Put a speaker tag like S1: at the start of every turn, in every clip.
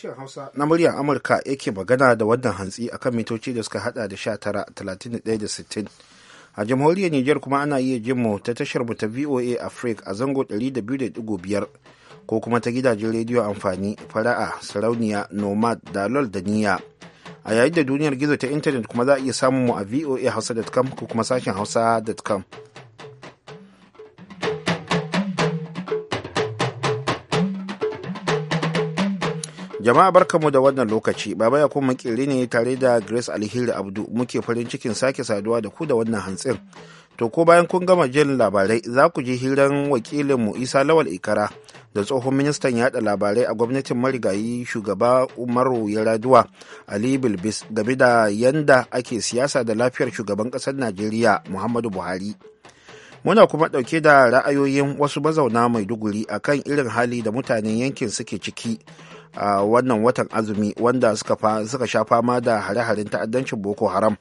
S1: Sashen Hausa na muryar Amurka yake magana da wannan hantsi akan mitoci da suka hada da 19, 31 da 60. a jamhuriyar Nijar kuma ana iya jin mu ta tashar mu ta VOA Africa a zango 200.5 ko kuma ta gidajen rediyo amfani fara'a sarauniya nomad dalol da niya a yayin da duniyar gizo ta intanet kuma za a iya samun mu a voa hausa.com ko kuma sashen hausa.com Jama'a barkamu da wannan lokaci, Baba ya kuma makeri ne tare da Grace Alhiri Abdu muke farin cikin sake saduwa da ku da wannan hantsin. To ko bayan kun gama jin labarai za ku ji hiran wakilinmu Isa Lawal Ikara da tsohon ministan yada labarai a gwamnatin marigayi shugaba Umaru Yaraduwa Ali Bilbis game da yanda ake siyasa da lafiyar shugaban ƙasar Najeriya Muhammadu Buhari. muna kuma ɗauke da ra'ayoyin wasu mazauna maiduguri akan irin hali da mutanen yankin suke ciki a wannan watan azumi wanda suka sha fama da hare-haren ta'addancin boko haram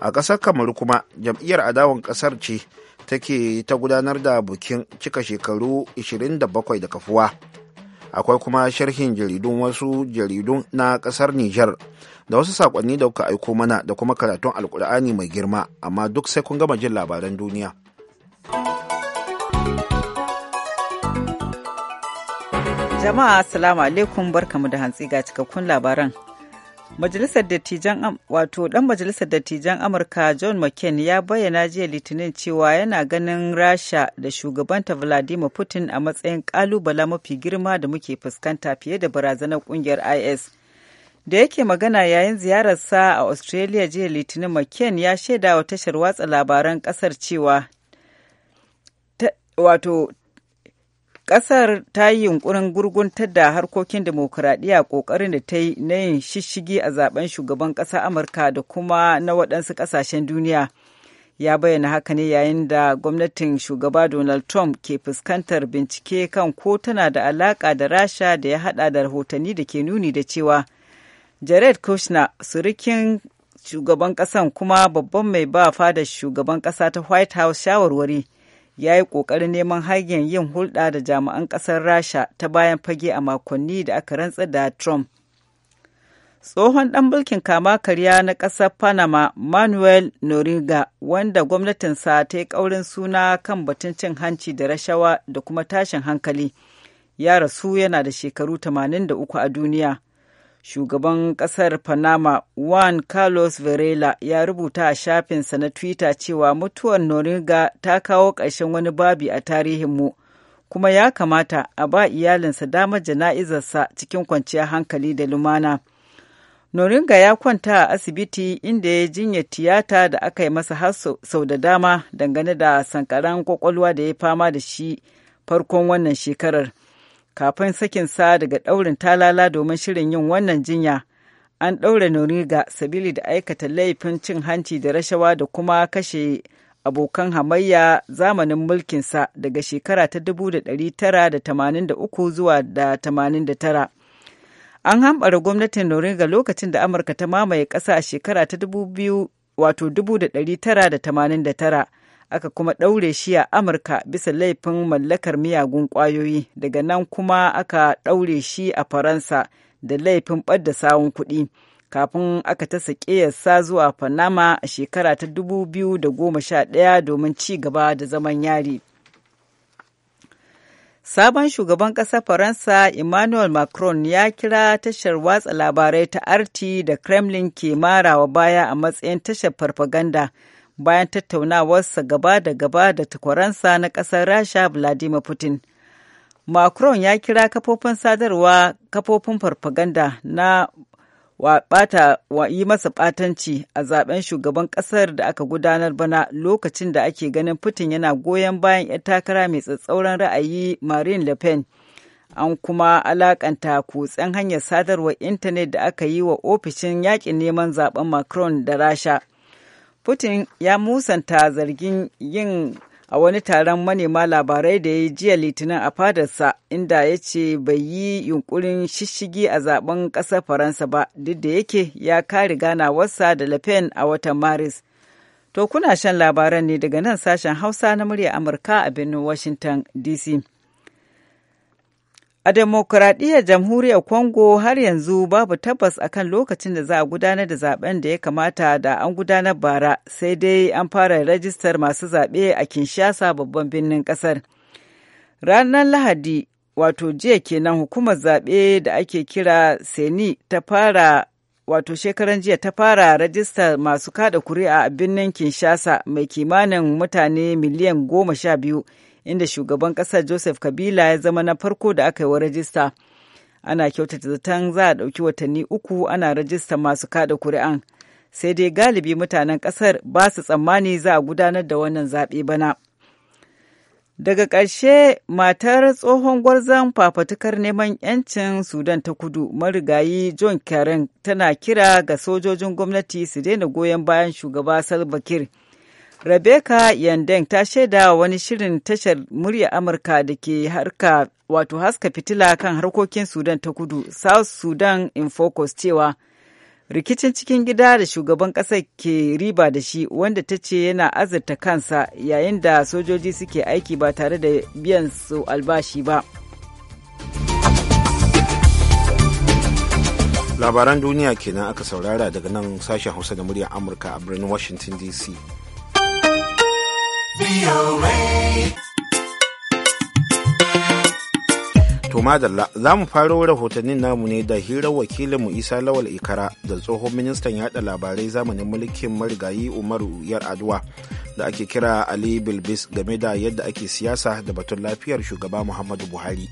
S1: a ƙasar kamaru kuma jam'iyyar adawan ƙasar ce take ta gudanar da bukin cika shekaru 27 da kafuwa akwai kuma sharhin jaridun wasu jaridun na ƙasar nijar da wasu saƙonni da kuka aiko mana da kuma karatun alkur'ani mai girma amma duk sai kun gama jin labaran duniya.
S2: Jama'a Assalamu alaikum barkamu da hantsi ga cikakkun labaran. Majalisar Dattijan wato dan Majalisar Dattijan Amurka John McCain ya bayyana jiya Litinin cewa yana ganin Rasha da shugabanta Vladimir Putin a matsayin kalubala mafi girma da muke fuskanta fiye da barazanar kungiyar IS. Da yake magana yayin ziyararsa a Australia jiya Litinin McCain ya shaida wa tashar watsa labaran kasar cewa wato Ƙasar ta yi yunkurin gurguntar da harkokin demokuraɗiyya ƙoƙarin da ta yi na yin shishigi a zaben shugaban ƙasa Amurka da kuma na waɗansu ƙasashen duniya. Ya bayyana haka ne yayin da gwamnatin shugaba Donald Trump ke fuskantar bincike kan ko tana da alaƙa da Rasha da ya haɗa da rahotanni da ke nuni da cewa Jared Kushner, surukin shugaban ƙasan kuma babban mai ba fadar shugaban ƙasa ta White House shawarwari. ya yi ƙoƙarin neman hanyar yin hulɗa da jami'an ƙasar rasha ta bayan fage a makonni da aka rantsa da trump tsohon ɗan mulkin kama karya na ƙasar panama manuel noriga wanda gwamnatinsa ta yi ƙaurin suna kan batun cin hanci da rashawa da kuma tashin hankali ya rasu yana da shekaru 83 a duniya shugaban kasar panama juan carlos varela ya rubuta a shafinsa na twitter cewa mutuwar noriga ta kawo ƙarshen wani babi a tarihinmu kuma ya kamata a ba iyalinsa damar jana'izarsa cikin kwanciyar hankali da lumana noringa ya kwanta a asibiti inda ya jinya tiyata da aka yi masa har sau da dama dangane da sankaran kwakwalwa da ya fama da shi farkon wannan shekarar kafin sakinsa daga ɗaurin talala domin shirin yin wannan jinya. An ɗaure Noriga sabili da aikata laifin cin hanci da rashawa da kuma kashe abokan hamayya zamanin mulkinsa daga shekara ta 1983 zuwa da 89. An hambara gwamnatin Noriga lokacin da Amurka ta mamaye ƙasa a shekara ta 2000 wato 1989. aka kuma ɗaure shi a amurka bisa laifin mallakar miyagun ƙwayoyi daga nan kuma aka ɗaure shi a faransa da laifin ɓadda sawun kuɗi kafin aka ta sa zuwa panama a shekara ta 2011 domin ci gaba da zaman yari sabon shugaban ƙasar faransa emmanuel macron ya kira tashar watsa labarai ta arti da kremlin ke marawa baya a matsayin tashar farfaganda. bayan tattaunawarsa gaba da gaba da takwaransa na ƙasar rasha vladimir putin macron ya kira kafofin sadarwa kafofin farfaganda na wa, bata, wa yi masa ɓatanci a zaben shugaban ƙasar da aka gudanar bana lokacin da ake ganin putin yana goyon bayan 'yan takara mai tsatsauran ra'ayi marine le pen an kuma alakanta kutsen hanyar sadarwar intanet da aka yi wa ofishin yakin neman zaben macron da rasha Putin ya musanta zargin yin a wani taron manema labarai da ya jiya litinin a fadarsa inda ya ce bai yi yunkurin shishigi a zaben ƙasar faransa ba duk da yake ya kare ganawarsa da le pen a watan maris to kuna shan labaran ne daga nan sashen hausa na murya amurka a birnin washington dc A demokuraɗiyyar jamhuriyar Congo har yanzu babu tabbas a kan lokacin da za a gudanar da zaben da ya kamata da an gudanar bara sai dai an fara rajistar masu zaɓe a Kinshasa babban birnin ƙasar. Ranar Lahadi wato jiya kenan hukumar zaɓe da ake kira Seni ta fara wato shekaran jiya ta fara rajistar masu kada kuri'a a birnin Kinshasa mai kimanin mutane miliyan goma sha biyu. inda shugaban ƙasar Joseph Kabila ya zama na farko da aka yi wa rajista. Ana kyautata zaton za a ɗauki watanni uku ana rajista masu kaɗa kuri'an. Sai dai galibi mutanen ƙasar ba su tsammani za a gudanar da wannan zaɓe bana. Daga ƙarshe matar tsohon gwarzon fafatukar neman 'yancin Sudan ta kudu marigayi John Karen tana kira ga sojojin gwamnati su daina goyon bayan shugaba Salva Kiir. Rebecca Yandeng ta shaida wani shirin tashar murya Amurka da ke harka wato haska fitila kan harkokin Sudan ta kudu, South Sudan in Focus cewa rikicin cikin gida da shugaban ƙasar ke riba da shi wanda ta ce yana azurta kansa yayin da sojoji suke aiki ba tare da biyan su albashi ba.
S1: Labaran duniya kenan aka saurara daga nan sashen Hausa da muryar Amurka a birnin Washington DC. To madalla za mu faro rahotannin namu ne da hirar wakilinmu Isa Lawal Ikara da tsohon ministan yada labarai zamanin mulkin marigayi Umaru Yar Aduwa da ake kira Ali Bilbis game da yadda ake siyasa da batun lafiyar shugaba Muhammadu Buhari.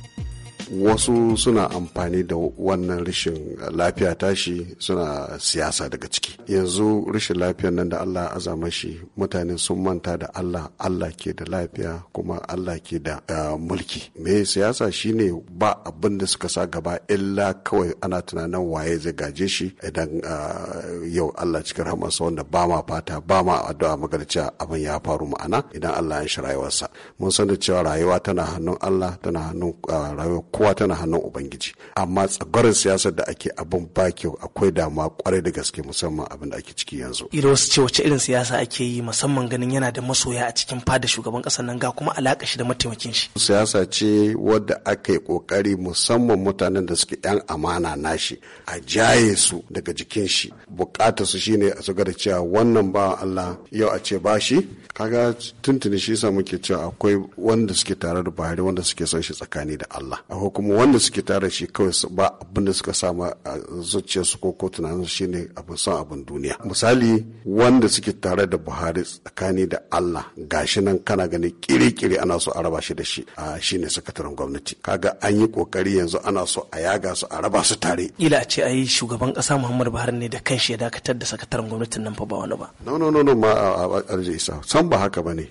S3: wasu suna amfani da wannan rashin lafiya tashi suna siyasa daga ciki yanzu rashin lafiyar nan da allah azama shi mutane sun manta da allah allah ke da lafiya kuma allah ke da eh, mulki me siyasa shine ba abin da suka sa gaba illa kawai ana tunanin waye zai gaje shi idan eh, yau allah cikin rahamarsa wanda ba ma fata ba ma addu'a magana cewa abin ya faru ma'ana idan allah ya shi rayuwarsa mun san da cewa rayuwa tana hannun allah tana hannun eh, rayuwar kowa tana hannun ubangiji amma tsagwaron siyasar da ake abin kyau, akwai damuwa kwarai da gaske musamman abin da ake ciki yanzu
S4: ira wasu ce wace irin siyasa ake yi musamman ganin yana da masoya a cikin fada shugaban kasar nan ga kuma alaka shi da mataimakin shi
S3: siyasa ce wadda aka yi kokari musamman mutanen da suke yan amana nashi a jaye su daga jikin shi bukatar su shine a da cewa wannan ba Allah yau a ce bashi. kaga tuntuni shi yasa muke cewa akwai wanda suke tare da Buhari wanda suke son shi tsakani da Allah ko kuma wanda suke tare shi kawai ba abinda suka sama a zuciyarsu ko ko tunanin ne abin son abin duniya misali wanda suke tare da buhari tsakani da allah gashi nan kana gani kiri-kiri ana so a raba shi da shi a ne sakataren gwamnati kaga an yi kokari yanzu ana so a yaga su a raba su tare
S4: ila a ce ai shugaban kasa muhammadu buhari ne da kanshi ya dakatar da sakataren gwamnatin nan fa ba wani ba
S3: no no no no ma a isa san ba haka bane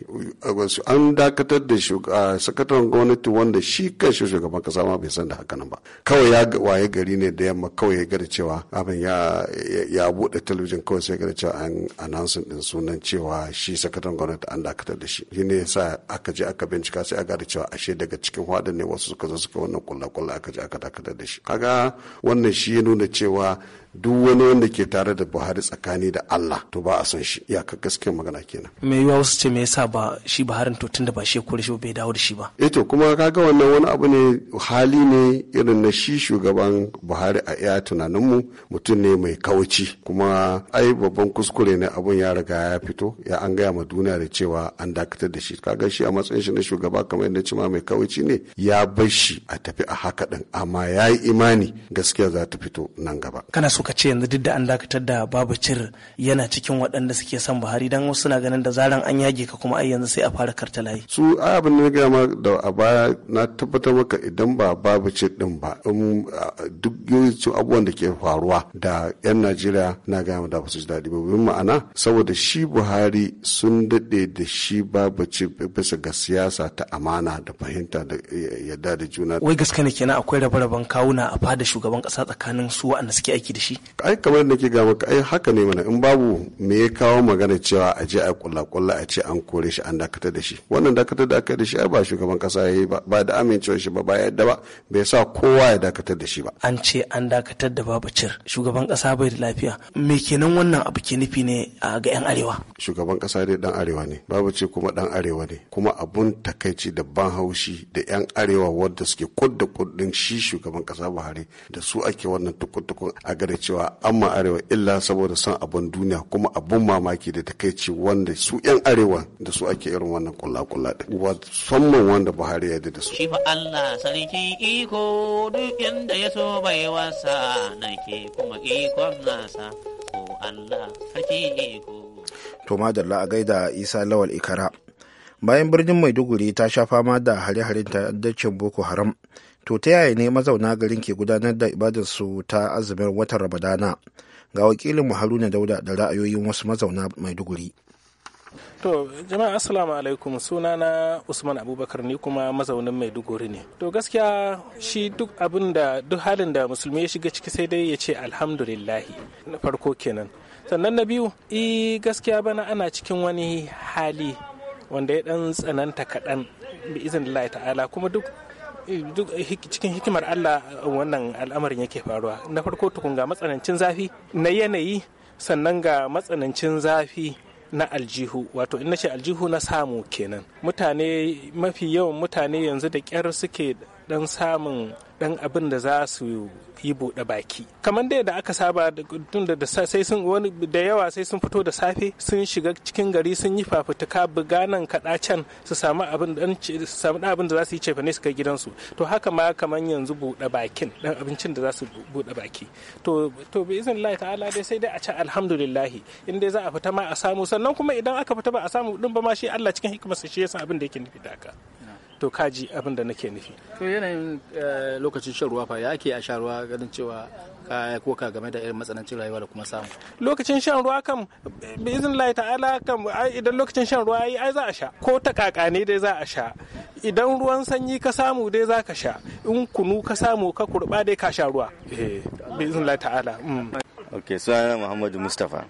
S3: an dakatar da shugaban sakataren gwamnati wanda shi kanshi shugaban kasa kasa ma bai san da haka nan ba kawai ya waye gari ne da yamma kawai ya gada cewa abin ya ya bude talabijin kawai sai gada cewa an announcing din sunan cewa shi sakataren gwamnati an dakatar da shi shine yasa aka je aka bincika sai aka gada cewa ashe daga cikin wadan ne wasu suka zo suka wannan kulla kulla aka je aka dakatar da shi kaga wannan shi ya nuna cewa duk wani wanda ke tare da Buhari tsakani da Allah to ba a son shi iyaka gaske magana kenan
S4: me yiwa wasu ce me yasa ba shi Buhari to tunda ba shi ya kore shi bai dawo da shi ba
S3: eh to kuma kaga wannan wani abu ne hali ne irin na shi shugaban buhari a iya tunaninmu mutum ne mai kauci kuma ai babban kuskure ne abun ya riga ya fito ya an gaya ma duniya da cewa an dakatar da shi kaga shi a matsayin shi na shugaba kamar yadda cima mai kauci ne ya bar shi a tafi a haka din amma ya yi imani gaskiya za ta fito nan gaba
S4: kana so ka ce yanzu duk da an dakatar da babacir yana cikin waɗanda suke son buhari dan wasu na ganin da zaran an yage ka kuma ai yanzu sai a fara karta layi
S3: su abin da gaya ma da a baya na tabbatar maka idan ba ba babu ce din ba duk yawancin abubuwan da ke faruwa da 'yan najeriya na gaya da ba su ji daɗi ba bin ma'ana saboda shi buhari sun daɗe da shi babu ce bisa ga siyasa ta amana da fahimta da yadda da juna wai gaske ne kenan
S4: akwai rabe-raben kawuna a fada shugaban kasa tsakanin su waɗanda suke aiki da shi
S3: ai kamar da ke gama ai haka ne mana in babu me ya kawo magana cewa a je a kulla-kulla a ce an kore shi an dakatar da shi wannan dakatar da aka da shi ai ba shugaban ƙasa ya yi ba da amincewa shi ba ba yadda ba ba bai sa kowa ya dakatar da shi ba
S4: an ce an dakatar da babu cir shugaban kasa bai da lafiya me
S3: kenan wannan abu ke nufi ne ga yan arewa shugaban kasa dai dan arewa ne Babu ce kuma dan arewa ne kuma abun takaici da ban haushi da yan arewa wanda suke kudda kudin shi shugaban kasa buhari da su ake wannan tukutukun a gare cewa amma arewa illa saboda son abun duniya kuma abun mamaki da takaici wanda su yan arewa da su ake irin wannan kula-kula din musamman wanda buhari ya da su
S4: shi fa Allah sarki iko duk inda ya so bai wasa nake kuma ikon nasa ko
S5: Allah sarki iko.
S1: To madalla a gaida Isa Lawal Ikara. Bayan birnin Maiduguri ta sha fama da hare-haren ta'addacin Boko Haram, to ta yaya ne mazauna garin ke gudanar da ibadarsu ta azumin watan Ramadana? Ga wakilin Haruna Dauda da ra'ayoyin wasu mazauna Maiduguri.
S6: To jama'a assalamu alaikum sunana Usman Abubakar ni kuma mazaunin Maiduguri ne. To gaskiya shi duk abin da duk halin da musulmi ya shiga ciki sai dai ya ce alhamdulillahi na farko kenan. Sannan na biyu i gaskiya bana ana cikin wani hali wanda ya dan tsananta kaɗan bi izin ta'ala kuma duk duk cikin hikimar Allah wannan al'amarin yake faruwa na farko tukun ga matsanancin zafi na yanayi sannan ga matsanancin zafi na aljihu wato in nace aljihu na samu kenan mutane mafi yawan mutane yanzu da ƙyar suke dan samun dan abin da za su yi buɗe baki kamar dai da aka saba tun da sai sun wani da yawa sai sun fito da safe sun shiga cikin gari sun yi fafutuka buga nan kaɗa can su samu abin da su samu abin da za su yi cefane su kai gidansu to haka ma kamar yanzu buɗe bakin dan abincin da za su buɗe baki to to bi izin Allah ta'ala dai sai dai a ce alhamdulillah in dai za a fita ma a samu sannan kuma idan aka fita ba a samu din ba ma shi Allah cikin hikimarsa shi yasa abin da yake nufi da haka to kaji abin da nake nufi
S7: to yanayin eh, lokacin shan ruwa fa ya ake a sha ruwa ganin cewa ka koka game da irin matsanancin rayuwa da kuma samu
S6: lokacin shan ruwa kam bi izin lai ta'ala kam idan lokacin shan ruwa yayi ai za a sha ko ta kaka ne dai za a sha idan ruwan sanyi ka samu dai za ka sha in kunu ka samu ka kurba dai ka sha ruwa eh, bi izin lai ta'ala
S8: mm. ok sunana muhammadu mustapha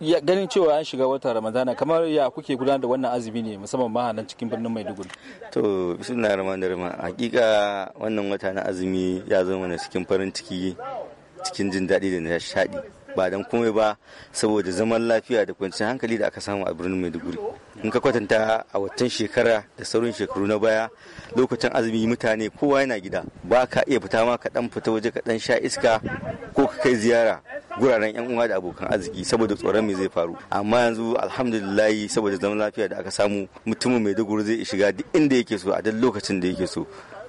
S6: ganin cewa an shiga watan ramadana kamar ya kuke gudanar da wannan azumi ne musamman ma nan cikin birnin maiduguri
S8: to bismillah rahman rahim hakika wannan wata na azumi ya zama na cikin farin ciki cikin jin daɗi da na shaɗi. ba dan komai ba saboda zaman lafiya da kwanciyar hankali da aka samu a birnin maiduguri in ka kwatanta a watan shekara da saurin shekaru na baya lokacin azumi mutane kowa yana gida ba ka iya fita ma ka dan fita waje ka dan sha iska ko ka kai ziyara guraren yan uwa da abokan arziki saboda tsoron me zai faru amma yanzu alhamdulillah saboda zaman lafiya da aka samu mutumin maiduguri zai shiga duk inda yake so a duk lokacin da yake so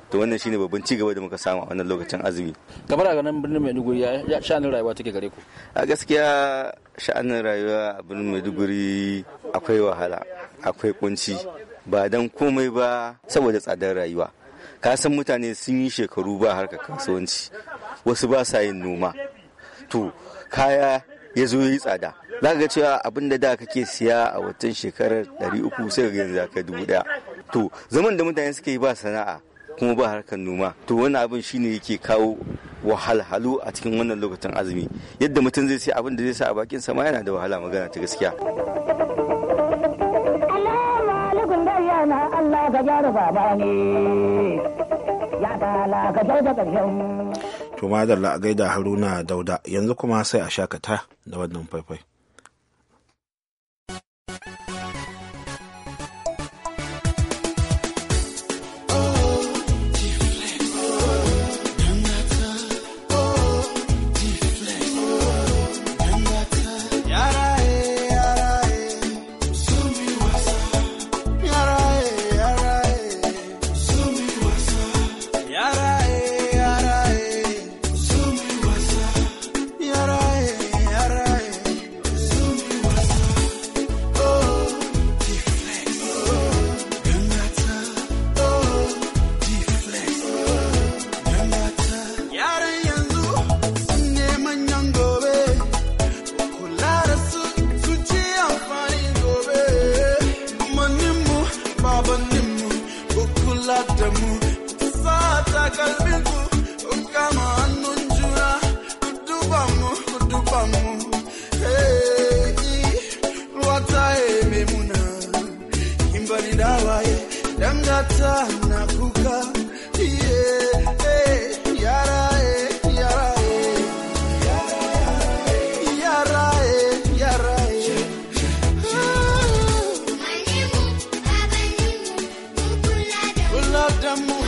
S8: to wannan shine babban ci gaba da muka samu a wannan lokacin azumi kamar a ganin birnin maiduguri ya sha'anin rayuwa take gare ku a gaskiya sha'anin rayuwa a birnin maiduguri akwai wahala akwai kunci ba dan komai ba saboda tsadar rayuwa ka san mutane sun yi shekaru ba harka kasuwanci wasu ba sa yin noma to kaya ya zo yi tsada za ga cewa abin da da kake siya a watan shekarar 300 sai ga yanzu ka dubu daya to zaman da mutane suke yi ba sana'a kuma ba harkar noma to wani abin shine yake kawo wahalhalu a cikin wannan lokacin azumi yadda mutum zai sai abin da zai sa a bakin sama yana da wahala magana ta gaskiya
S9: Allah ka gyara
S1: baba gaida haruna dauda yanzu kuma sai a shakata da wannan faifai Adamu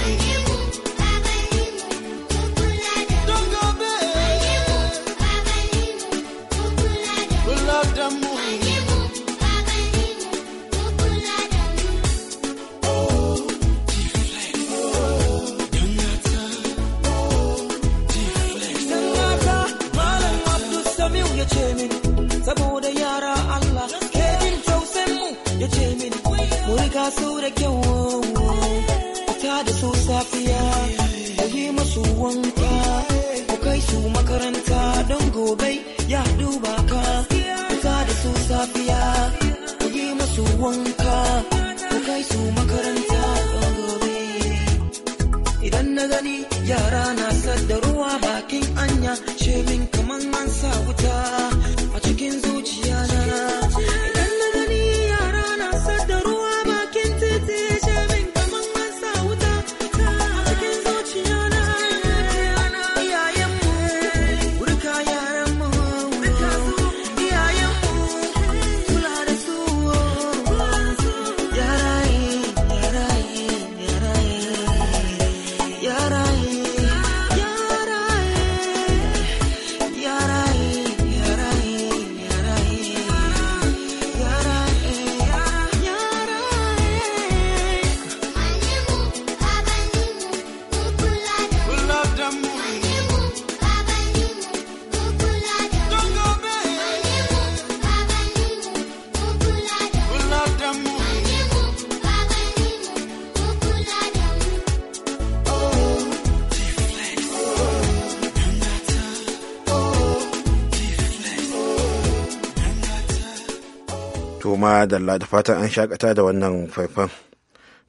S1: to ma da fatan an shakata da wannan faifan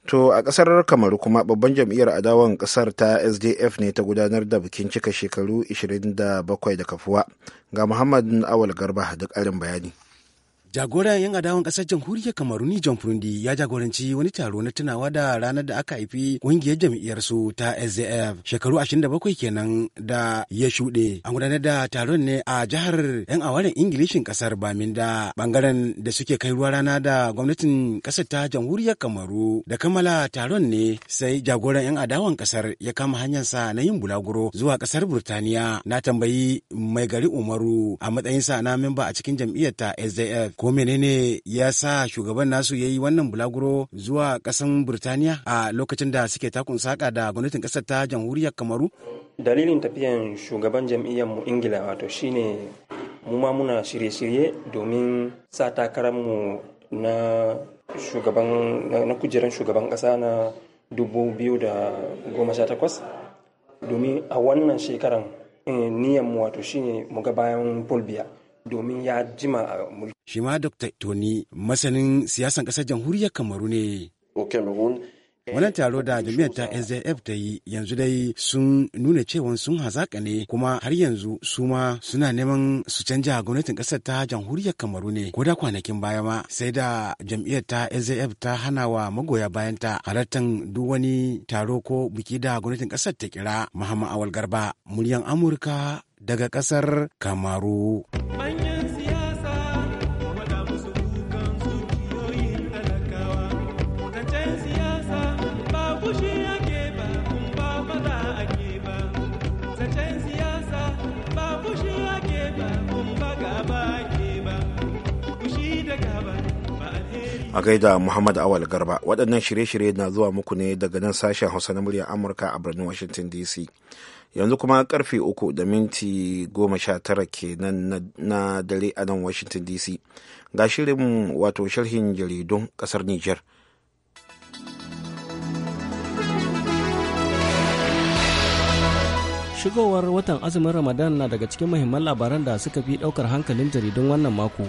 S1: to a kasar kamaru kuma babban jam'iyyar adawan kasar ta sdf ne ta gudanar da bikin cika shekaru 27 da kafuwa ga muhammad awal garba duk
S7: ƙarin bayani Jagoran 'yan adawan ƙasar jamhuriyar ni John Furundi ya jagoranci wani taro na tunawa da ranar da aka haifi ƙungiyar jam'iyyarsu ta SDF shekaru 27 kenan da ya shuɗe. An gudanar da taron ne a jihar 'yan awaren Ingilishin ƙasar Baminda bangaren da suke kai ruwa rana da gwamnatin kasar ta jamhuriyar Kamaru da kammala taron ne sai jagoran 'yan adawan ƙasar ya kama hanyarsa na yin bulaguro zuwa ƙasar Burtaniya na tambayi mai gari Umaru a matsayinsa na memba a cikin jam'iyyar ta SDF ko menene ya sa shugaban nasu ya yi wannan bulaguro zuwa kasan Birtaniya a lokacin da suke takun saka da gwamnatin kasar ta jamhuriyar Kamaru?
S4: Dalilin tafiyan shugaban jam'iyyar mu Ingila wato shine mu ma muna shirye-shirye domin sa takararmu na shugaban na kujeran shugaban kasa na 2018 domin a wannan shekaran eh, niyan mu wato shine mu ga bayan Paul domin ya
S7: jima a Shi ma Dr. Tony masanin siyasan ƙasar jamhuriyar Kamaru ne. Eh, Wannan taro da jami'ar ta NZF ta yi yanzu dai sun nuna cewa sun hazaƙa ne kuma har yanzu su ma suna neman su canja gwamnatin ƙasar ta jamhuriyar Kamaru ne ko da kwanakin baya ma sai da jam'iyyar ta NZF ta hana wa magoya bayanta ta halartar duk wani taro ko biki da gwamnatin ƙasar ta kira Muhammad Awal Garba muryan Amurka daga ƙasar Kamaru.
S1: a gaida muhammad awal garba waɗannan shirye-shirye na zuwa muku ne daga nan sashen hausa na muryar amurka a birnin washington dc yanzu kuma karfe uku da minti goma sha tara kenan na dare a nan washington dc ga shirin wato sharhin jaridun ƙasar niger
S10: shigowar watan azumin ramadan na daga cikin muhimman labaran da suka fi ɗaukar hankalin jaridun wannan mako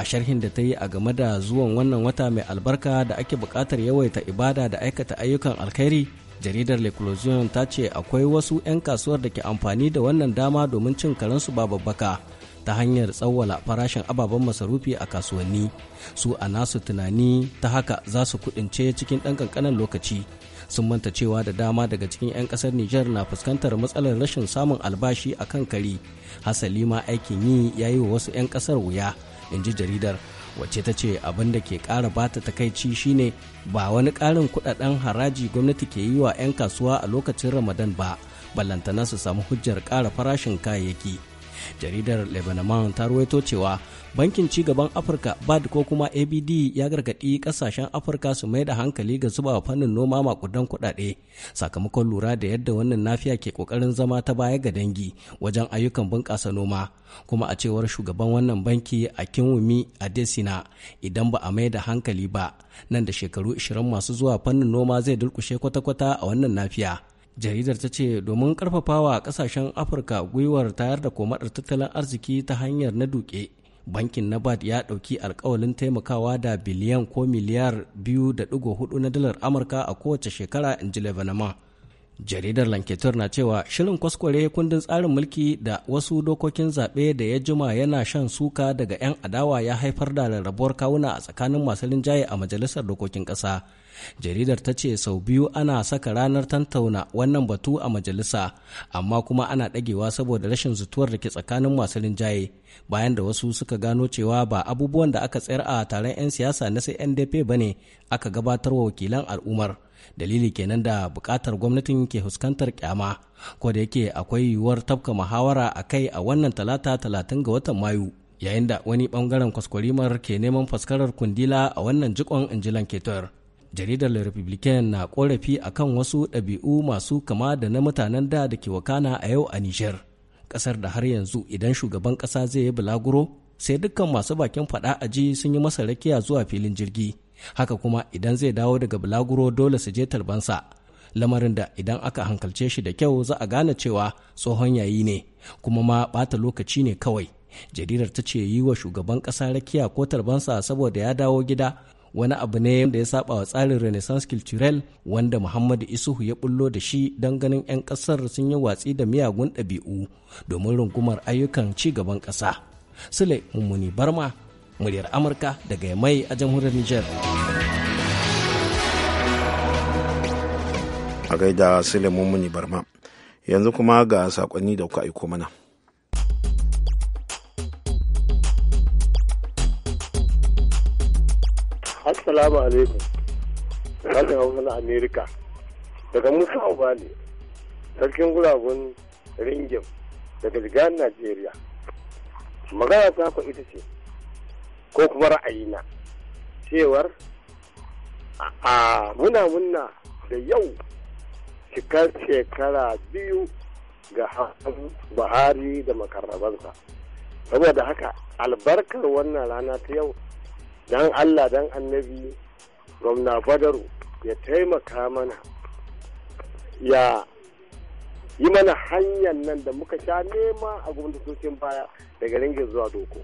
S10: a sharhin da ta yi a game da zuwan wannan wata mai albarka da ake buƙatar yawaita ibada da aikata ayyukan alkhairi jaridar l'eclosion ta ce akwai wasu 'yan kasuwar da ke amfani da wannan dama domin cin karensu ba babbaka ta hanyar tsawwala farashin ababen masarufi a kasuwanni su a nasu tunani ta haka za su kudince cikin ɗan ƙanƙanin lokaci sun manta cewa da dama daga cikin 'yan ƙasar Nijar na fuskantar matsalar rashin samun albashi a kan kari. Hasali ma aikin yi ya yi wa wasu 'yan ƙasar wuya in ji jaridar wacce ta ce abin da ke ƙara bata takaici shine ba wani ƙarin kudaden haraji gwamnati ke yi wa 'yan kasuwa a lokacin ramadan ba ballantana su samu hujjar ƙara farashin kayayyaki jaridar lebanon ta ruwaito cewa bankin cigaban afirka bad ko kuma abd ya gargaɗi ƙasashen afirka su mai da hankali ga zuba fannin noma makudan kuɗaɗe sakamakon lura da yadda wannan nafiya ke kokarin zama ta baya ga dangi wajen ayyukan bunƙasa noma kuma a cewar shugaban wannan banki a kinwumi a desina idan ba a mai da hankali ba nan da shekaru 20 masu zuwa fannin noma zai durkushe kwata-kwata a wannan nafiya jaridar ta ce domin karfafawa kasashen afirka gwiwar tayar da komadar tattalin arziki ta hanyar na duke bankin nabad ya dauki alkawalin taimakawa da biliyan ko miliyar 2.4 na dalar amurka a kowace shekara in ji jaridar lanketor na cewa shirin kwaskware kundin tsarin mulki da wasu dokokin zaɓe da ya jima yana shan suka daga 'yan adawa ya haifar da rarrabuwar kawuna a tsakanin masu rinjaye a majalisar dokokin ƙasa jaridar ta ce sau biyu ana saka ranar tantauna wannan batu a majalisa amma kuma ana ɗagewa saboda rashin zutuwar da ke tsakanin masu rinjaye bayan da wasu suka gano cewa ba abubuwan da aka tsayar a taron 'yan siyasa na sai ndp ba ne aka gabatar wa wakilan al'ummar dalili kenan da bukatar gwamnatin ke fuskantar kyama ko da yake akwai yiwuwar tafka muhawara a kai a wannan talata talatin ga watan mayu yayin da wani bangaren kwaskwarimar ke neman faskarar kundila a wannan jikon injilan ketar jaridar le republican na korafi akan wasu ɗabi'u masu kama da na mutanen da da ke wakana a yau a niger ƙasar da har yanzu idan shugaban ƙasa zai yi bulaguro sai dukkan masu bakin faɗa ji sun yi masa rakiya zuwa filin jirgi haka kuma idan zai dawo daga bulaguro dole su je talbansa lamarin da idan aka hankalce shi da kyau za a gane cewa tsohon yayi ne kuma ma bata lokaci ne kawai jaridar ta ce yi wa shugaban ƙasa rakiya ko talbansa saboda ya dawo gida wani abu ne da ya saba wa tsarin renaissance culturel wanda muhammadu isuhu ya bullo da shi don ganin 'yan kasar sun yi watsi da miyagun ɗabi'u domin rungumar ayyukan ci gaban ƙasa sule mummuni barma muryar amurka daga mai a jamhuriyar niger
S1: a gaida sule mummuni barma yanzu kuma ga sakonni da kuka aiko mana
S3: assalamu alaikum sashen hausa na amerika daga musa obali sarkin guragun ringin daga jigan najeriya magana ta ku ita ce ko kuma ra'ayina cewar a muna muna da yau cikar shekara biyu ga buhari da makarrabansa saboda haka albarkar wannan rana ta yau dan allah dan annabi gwamna badaru ya taimaka mana ya yi mana hanyar nan da muka sha nema a gwamnatocin baya daga ringin zuwa doko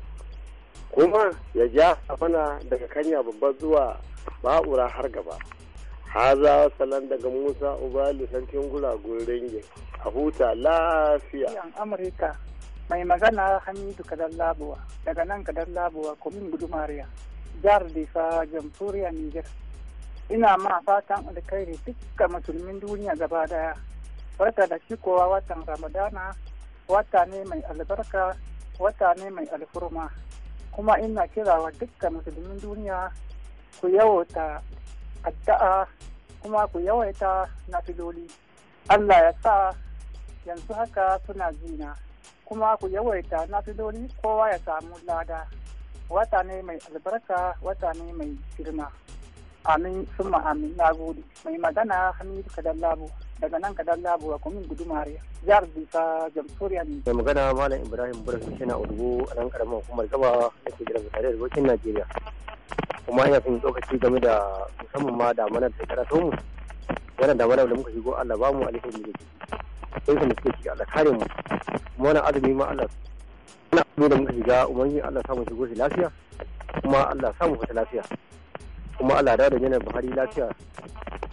S3: kuma ya ja mana daga kanya babba zuwa ba'ura har gaba haza salan daga musa ubali sarkin gulagun ringin a huta lafiya
S10: amurka mai magana hamidu kadar labuwa daga nan kadar labuwa komin gudumariya jihar Lisa jamhuriyar Nijar. Ina ma fatan alkhairi dukkan musulmin duniya gaba daya. Barka da shi kowa watan Ramadana, wata ne mai albarka, wata ne mai alfurma. Kuma ina kirawa dukkan musulmin duniya ku yawata addu'a kuma ku yawaita na filoli. Allah ya sa yanzu haka suna zina Kuma ku yawaita na filoli kowa ya samu lada. wata ne mai albarka wata ne mai girma
S11: amin sun amin
S10: na gode mai magana hamidu kadan labu daga nan kadan labu a kumin mariya jihar bisa jamhuriya ne mai magana malam ibrahim burka shi na urgo a nan karamin hukumar gaba da ke jiran tare da bokin najeriya kuma ina son tsokaci game da musamman ma manar da ta mu da manar da muka shigo allah ba mu alifin da ke muke ciki allah kare mu kuma azumi ma allah mu da muka shiga umarni Allah samu shigo shi lafiya kuma Allah samu fita lafiya kuma Allah da da janar Buhari lafiya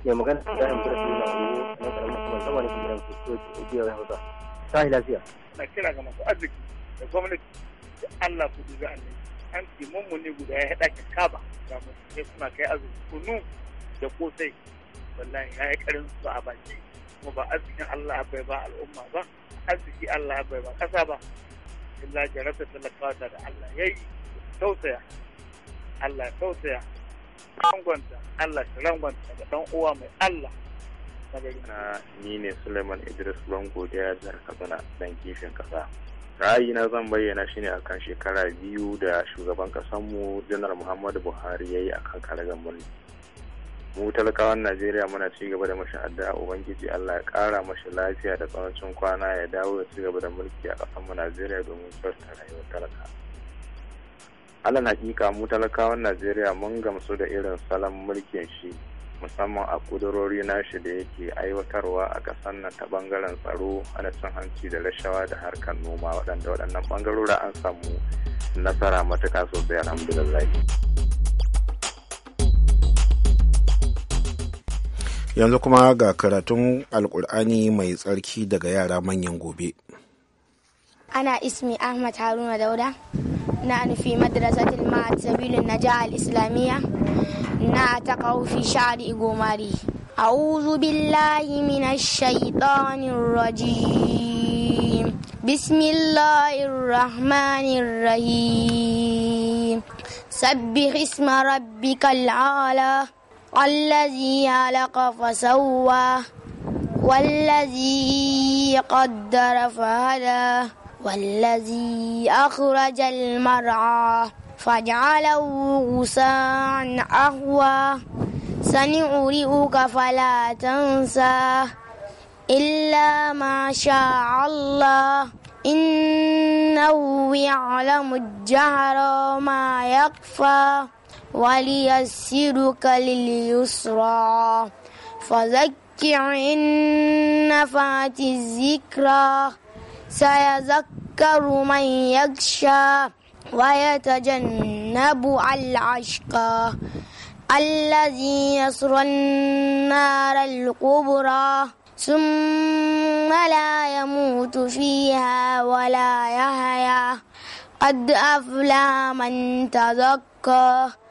S10: mai magana da yan fura na wani na karamin kuma zama ne gidan su biyar Hausa tashi lafiya
S8: na kira ga masu arziki da gwamnati da Allah ku a nan an timon mu ne guda ya haɗa ka kaba ga mu ne kuma kai arziki kunu da kosai wallahi ya yi karin su a baki kuma ba arzikin Allah bai ba al'umma ba arziki Allah bai ba ƙasa ba illa jarabta talakawa da Allah ya yi
S7: tausaya Allah tausaya rangwanta Allah ta rangwanta da ɗan uwa mai Allah na
S8: ni ne Suleiman Idris Bango da ya jihar Katsina dan kifin kasa. Ra'ayi na zan bayyana shine akan shekara biyu da shugaban kasanmu Janar Muhammadu Buhari ya yi akan karagar mulki. mu talakawan najeriya muna ci gaba da mashi addu'a ubangiji allah ya kara mashi lafiya da tsanancin kwana ya dawo ya ci gaba da mulki a kasar mu najeriya domin kyauta rayuwar talaka alal hakika mu talakawan najeriya mun gamsu da irin salon mulkin shi musamman a kudurori shi da yake aiwatarwa a kasan nan ta bangaren tsaro hana cin hanci da rashawa da harkar noma waɗanda waɗannan bangarora an samu nasara matuka sosai alhamdulillah
S1: yanzu kuma ga karatun alkur'ani mai tsarki daga yara manyan
S7: gobe
S9: ana ismi ahmad haruna dauda na nufi madrasatin ma'ad sabilin naja al-islamiyya na ta fi sha'ari gomari أعوذ بالله من الشيطان الرجيم بسم الله الرحمن الرحيم سبح اسم ربك الذي خلق فسوى والذي قدر فهدى والذي أخرج المرعى فجعله غساء أهوى سنعرئك فلا تنسى إلا ما شاء الله إنه يعلم الجهر وما يخفى وليسرك لليسرى فذكر إن نفعت الذكرى سيذكر من يخشى ويتجنب العشقى الذي يصرى النار الكبرى ثم لا يموت فيها ولا يهيا قد أفلح من تذكر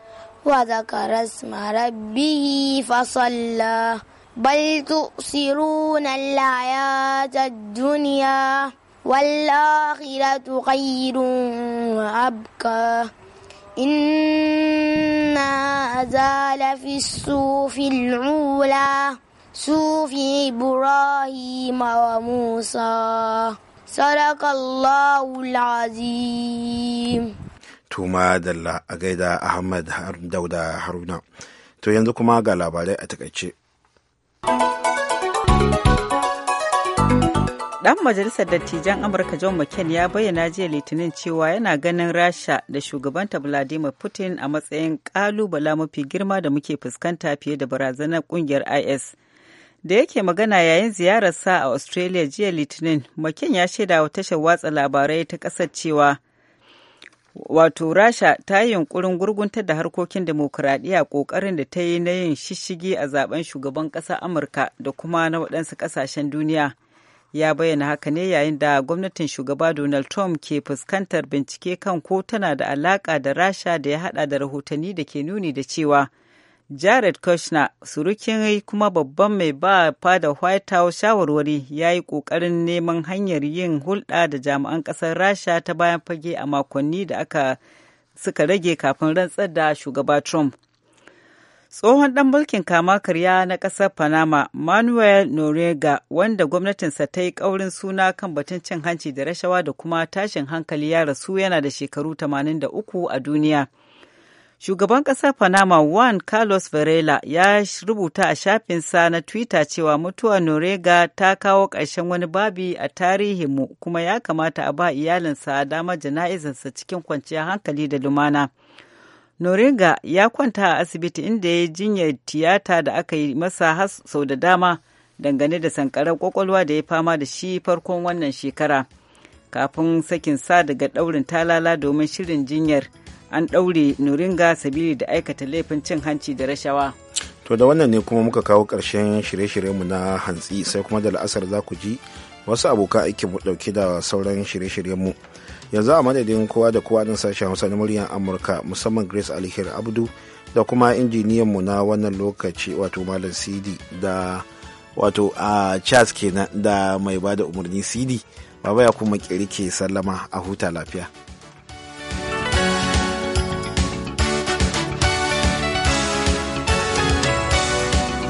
S9: وذكر اسم ربه فصلى بل تؤثرون الحياة الدنيا والآخرة خير وأبقى إن هذا لفي الصوف العولى صوف إبراهيم وموسى صدق الله العظيم
S1: tuma dalla a gaida ahmad dauda haruna to yanzu kuma ga labarai a takaice
S2: dan majalisar dattijan amurka john mccain ya bayyana jiya litinin cewa yana ganin rasha da shugabanta vladimir putin a matsayin kalubala mafi girma da muke fuskanta fiye da barazanar kungiyar is da yake magana yayin ziyararsa a australia jiya litinin mccain ya shaida wa tashar watsa labarai ta kasar cewa wato rasha ta yi yunkurin gurguntar da harkokin demokuraɗiyya ƙoƙarin da ta yi na yin shishigi a zaben shugaban ƙasa amurka da kuma na waɗansu ƙasashen duniya ya bayyana haka ne yayin da gwamnatin shugaba donald trump ke fuskantar bincike kan ko tana da alaƙa da rasha da ya haɗa da rahotanni da ke nuni da cewa Jared Kushner, surukin kuma babban mai ba fada White House shawarwari ya yi ƙoƙarin neman hanyar yin hulɗa da jami'an ƙasar Rasha ta bayan fage a makonni da aka suka rage kafin rantsar da shugaba Trump. Tsohon ɗan mulkin kama karya na ƙasar Panama, Manuel Noriega, wanda gwamnatinsa ta yi ƙaurin suna kan batun cin hanci da rashawa da kuma tashin hankali ya rasu yana da shekaru 83 a duniya. Shugaban ƙasar Panama Juan Carlos Varela ya rubuta a shafinsa na Twitter cewa mutuwar Norega ta kawo ƙarshen wani babi a tarihinmu kuma ya kamata a ba iyalinsa damar jana'izarsa cikin kwanciyar hankali da lumana. Norega ya kwanta a asibiti inda ya jinyar tiyata da aka yi masa har sau da dama dangane da sankarar kwakwalwa da ya fama da shi farkon wannan shekara kafin sakin sa daga ɗaurin talala domin shirin jinyar. an ɗaure nuringa sabili da aikata laifin cin hanci da rashawa
S1: to da wannan ne kuma muka kawo ƙarshen shirye-shiryenmu na hantsi sai kuma da la'asar za ku ji wasu abokan aikin mu ɗauke da sauran shirye-shiryenmu yanzu a madadin kowa da kowa nan sashen hausa na muryar amurka musamman grace alhir abdu da kuma injiniyanmu na wannan lokaci wato malam cd da wato a charles kenan da mai bada umarni cd baba ya kuma ke sallama a huta lafiya